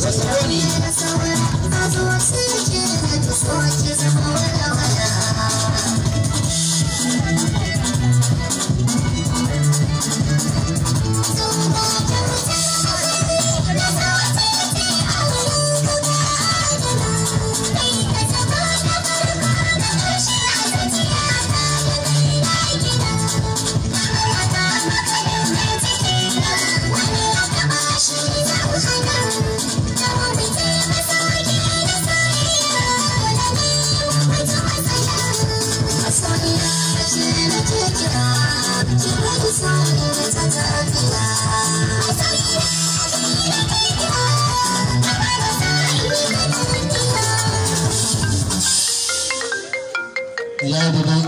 That's funny.